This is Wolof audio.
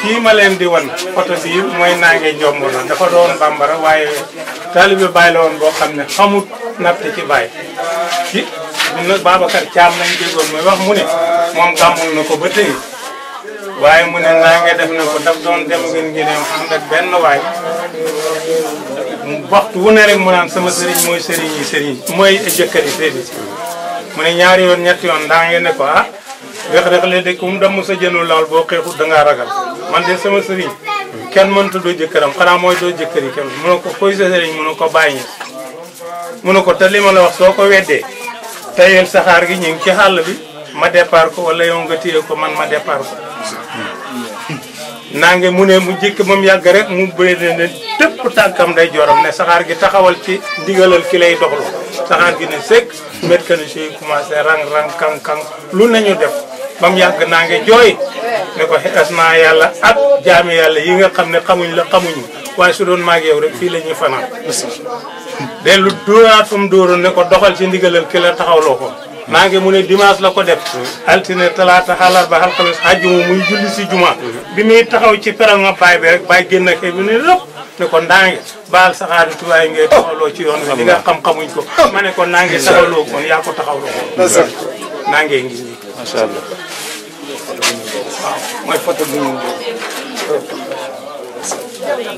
kii ma leen di wan photo bii mooy naange njomb na dafa doon bambara waaye taalibe Baay la woon boo xam ne xamut natt ci Baay ci dina Babacar Caam nañ déggoon mooy wax mu ne moom gàmmul na ko ba tey waaye mu ne naange def na ko daf doon dem ngeen ngi ne ànd benn waay waxtu wu ne rek mu naan sama sëriñ mooy sëriñ yi mooy jëkkër yi sëriñ mu ne ñaari yoon ñetti yoon daa ngeen ne ko ah rex-rex léeg-léeg mu damm sa jënu laal boo xeexut da ragal man de sama sëriñ kenn mënta doo jëkkëram xanaa mooy doo jëkkër yi kenn mënu ko koy sa sëriñ mënu ko bàyyi ñi mënu ko te li ma la wax soo ko weddee tayel saxaar gi ñu ngi ci xàll bi ma départ ko wala yow nga téye ko man ma départ ko naa mu ne mu jëkk moom yàgg rek mu bëri ne tëpp tànkam day joram ne saxaar gi taxawal ci ndigalal ki lay doxlu saxaar gi ne sëkk métcanicien yi commencé rang rang kang kang lu def ba mu yàgg naa ngi jooy ne ko xees naa yàlla at jaami yàlla yi nga xam ne xamuñ la xamuñu waaye su doon maag yow rek fii la ñuy fanaan dellu dóoraat fa mu dóoroon ne ko doxal ci ndigalal ki la taxawloo ko maa ngi mu ne dimanche la ko def altine talaata àllarba alxames àjjuma muy julli si juma bi muy taxaw ci peral nga baay bi rek baay génn ak bi ne lépp ne ko ndaange baal saxaaru tubaay ngay taxawloo ci yoon li nga xam-xamuñ ko ma ne ko naa ngi taxawloo kon yaa ko taxawloo ko naa ngi ngi macha allah.